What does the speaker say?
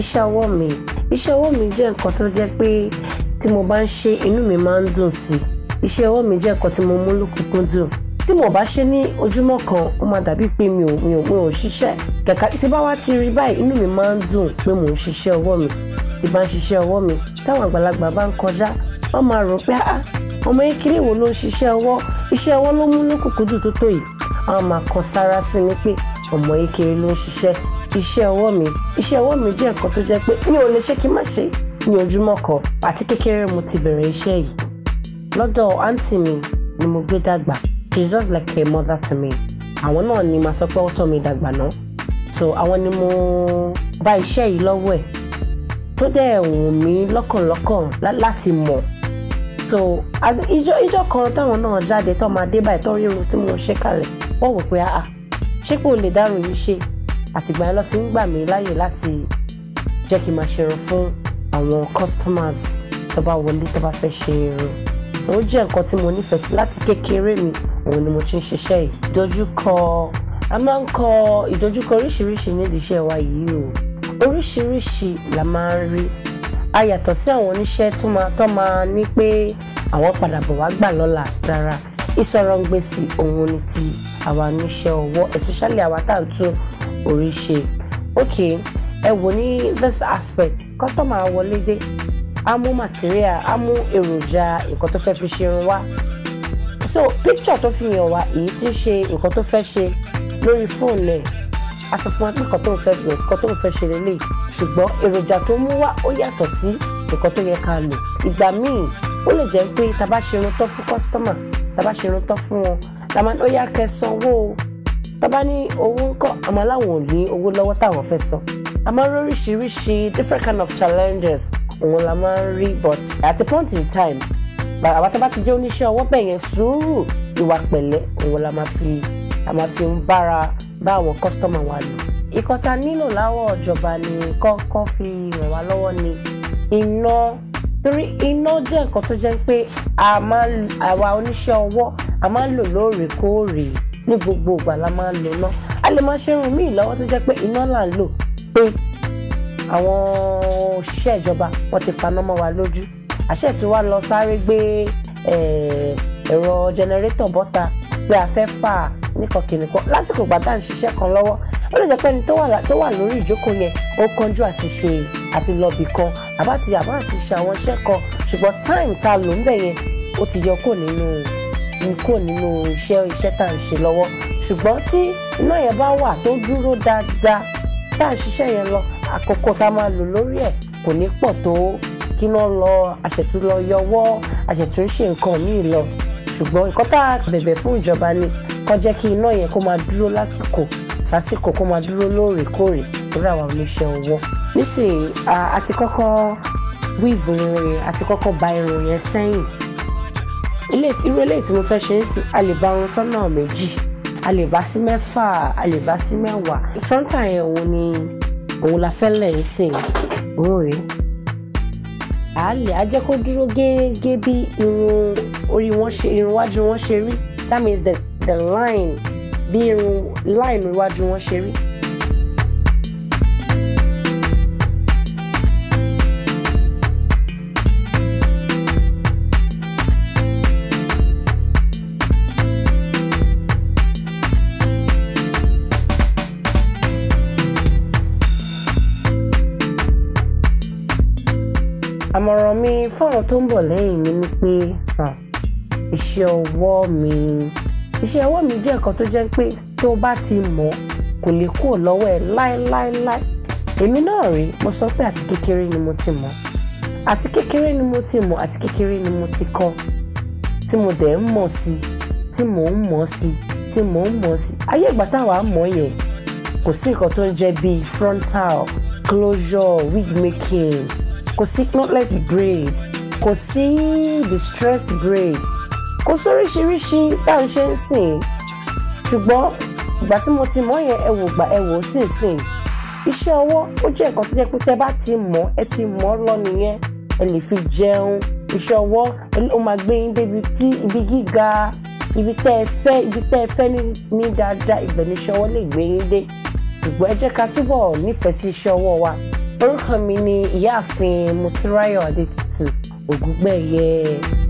iṣẹ́ ọwọ́ mi iṣẹ́ ọwọ́ mi jẹ́ nǹkan tó jẹ́ pé tí mo bá ń ṣe inú mi máa ń dùn sí i iṣẹ́ ọwọ́ mi jẹ́ nǹkan tí mo mú lókùnkún dùn tí mo bá ṣe ní ojúmọ́ kan ó máa dàbí pé mi ò mi ò mi ò ṣiṣẹ́ kàkà tí bá wá ti rí báyìí inú mi máa ń dùn pé mò ń ṣiṣẹ́ ọwọ́ mi tí bá ń ṣiṣẹ́ ọwọ́ mi táwọn àgbàlagbà bá ń kọjá wọ́n máa rò pé ah ọmọ kékeré wo ló ń ṣiṣẹ́ ọwọ́ iṣẹ́ ọwọ́ ló mú lókùnkún dùn tó tó yìí wọ́n máa kan sára sí mi pé ọmọ kékeré ló ń ṣiṣẹ́ iṣẹ́ ọwọ́ mi iṣẹ́ ọwọ́ mi jẹ́ nǹkan tó jẹ́ pé mi ò lè ṣe kí n má ṣe ní ojúmọ́ kan àti kékeré mo ti bẹ̀rẹ̀ iṣẹ́ yìí lọ́dọ̀ àǹtí mi ni mo gbé dàgbà she's just like a mother to me àwọn náà ni màá sọ pé ó tọ́ mi dàgbà náà so àwọn ni mo bá iṣẹ́ yìí lọ́wọ́ ẹ̀ tó dẹ̀ wù mí lọ́kànlọ́kàn láti mọ̀ so ìjọ ìjọ kan táwọn náà jáde tó máa dé báyìí tó rí irun tí mo ṣe kalẹ̀ wọ́n wò pé ṣé kò lè dárò yìí ṣe àtìgbà yẹn ló ti ń gbà mí láàyè láti jẹ́ kí n máa ṣerun fún àwọn customers tó bá wọlé tó bá fẹ́ ṣe irun ó jẹ́ nǹkan tí mo nífẹ̀ẹ́ sí láti kékeré mi òun ni mo ti ń ṣiṣẹ́ yìí dojúkọ a máa ń kọ ìdojúkọ oríṣiríṣi nídìí iṣẹ́ wa yìí o oríṣiríṣi la máa ń rí a yàtọ̀ sí àwọn oníṣẹ́ tó máa ní pé àwọn padà bọ̀ wá gbà lọ́la rárá ìsọ̀rọ̀ǹgbèsì òun ni ti àwa oníṣẹ́ ọwọ́ especially àwa tá à ń tún orí ṣe ok ẹ wò ní this aspect customer wọlé dé á mú material á mú èròjà nǹkan tó fẹ́ fi ṣe irun wá so picture tó fi hàn wá èyí tí ń ṣe nǹkan tó fẹ́ ṣe lórí fóònù ẹ̀ a sọ fún wa pé nǹkan tó ń fẹ́ bẹ̀ nǹkan tó ń fẹ́ ṣe lélẹ̀ ṣùgbọ́n èròjà tó mú wá ó yàtọ̀ sí nǹkan tó yẹ ká lò ìgbà míì ó lè jẹ́ pé tá a bá ṣe irun tán fún kọ́sítọ́mà tá a bá ṣe irun tán fún wọn tá a máa ní ó yá kẹ́ sanwó o tá a bá ní owó ń kọ́ àmọ́ láwọn ò ní owó lọ́wọ́ táwọn fẹ́ san a máa ń rí oríṣiríṣi different kind of challenges òun la máa ń rí but at a point in time àwa tá a bá ti jẹ́ oníṣẹ́ ọwọ́ bẹ̀ yẹn sùúrù ìwà pẹ̀lẹ́ òun la máa fi la máa fi ń bára bá àwọn kọ́sítọ́mà wa lò ìkọta nílò láwọ̀ ìjọba ni kọ́kọ́ fi ràn wá lọ́wọ́ ni iná torí iná jẹ́ nǹkan tó jẹ́ pé àwa oníṣẹ́ ọwọ́ a máa ń lò lóòrèkóòrè ní gbogbo ìgbà la máa ń lò ná a lè máa ṣe irun míì lọ́wọ́ tó jẹ́ pé iná là ń lò pé àwọn òṣìṣẹ́ ìjọba wọ́n ti paná mọ́ wa lójú àṣẹ tí wàá lọ sáré gbé ẹ̀rọ jẹnẹrétọ̀ bọ́ta pé a fẹ́ fà á nìkan kìnìkan lásìkò ìgbà tá à ń ṣiṣẹ́ kan lọ́wọ́ ó lè jẹ́ pé ẹni tó wà lórí ìjókòó yẹn ó kánjú àti ṣe àti lọ́bì kan àbá ti àbá àti ṣe àwọn iṣẹ́ kan ṣùgbọ́n táìmù tá a lò ń bẹ̀ yẹn ó ti yọ kó nínú kó nínú iṣẹ́ iṣẹ́ tá à ń ṣe lọ́wọ́ ṣùgbọ́n tí iná yẹn bá wà tó dúró dáadáa tá à ń ṣiṣẹ́ yẹn lọ àkókò tá a máa lò lórí ẹ̀ kò ní pọ̀ tó kí ló lọ àṣẹ̀tún lọ yọwọ́ àṣẹ̀tún ṣe nǹkan míì lọ ṣùgbọ́n nǹkan bẹ̀bẹ̀ fún ìjọba ni kán jẹ́ kí iná yẹn kó máa dúró lásìkò sásìkò kó máa dúró lóòrèkóòrè lórí àwọn oníṣẹ́ ọwọ́ nísìnyí àti kọ́kọ́ wíìvù irun àti kọ́kọ́ ba irun yẹn sẹ́yìn irú eléyìí tí mo fẹ́ ṣe é sí a lè ba irun sọ́nà méjì a lè bá sí mẹ́fà a lè bá sí mẹ́wàá frontal yẹn òun ni òun la fẹ́ lẹ̀ ń sìn òun rèé à á lè á jẹ́ kó dúró gẹ́gẹ́ bí irun orí wọn ṣe irun wájú wọn ṣe rí that means that the line bí irun line iwájú wọn ṣe rí. àmọ̀ràn mi fáwọn tó ń bọ̀ lẹ́yìn mi ni pé iṣẹ́ ọwọ́ mi iṣẹ́ ọwọ́ mi jẹ́ nǹkan tó jẹ́ pé tó bá ti mọ̀ kò lè kúrò lọ́wọ́ ẹ̀ láéláéláé èmi náà rí mo sọ pé àti kékeré ni mo ti mọ̀ àti kékeré ni mo ti mọ̀ àti kékeré ni mo ti kọ́ tí mo dẹ̀ ń mọ̀ sí tí mò ń mọ̀ sí tí mò ń mọ̀ sí ayé ìgbà táwa mọ̀ yẹn kò sí nǹkan tó ń jẹ́ bíi frontal closure wig making kò sí knotlet braid kò sí distress braid kò sóríṣiríṣi tá à ń ṣe ń sìn ṣùgbọ́n ìgbà tí mo ti mọ̀ yẹn ẹ wò gbà ẹ wò ó sì ń sìn iṣẹ́ ọwọ́ ó jẹ́ nǹkan tó jẹ́ pé tẹ́ bá ti mọ̀ ẹ ti mọ̀ lọ nìyẹn ẹ lè fi jẹun iṣẹ́ ọwọ́ ó máa gbé yín débi tí ibi gíga ibi tẹ́ ẹ fẹ́ ibi tẹ́ ẹ fẹ́ ní dáadáa ìgbẹ́ iṣẹ́ ọwọ́ lè gbé yín dé ṣùgbọ́n ẹ jẹ́ ká túbọ̀ nífẹ̀ẹ́ sí iṣẹ́ ọwọ́ wa orúkọ mi ni ìyáàfin Motúnráyọ̀ Adétutù Ògúngbẹ̀yẹ.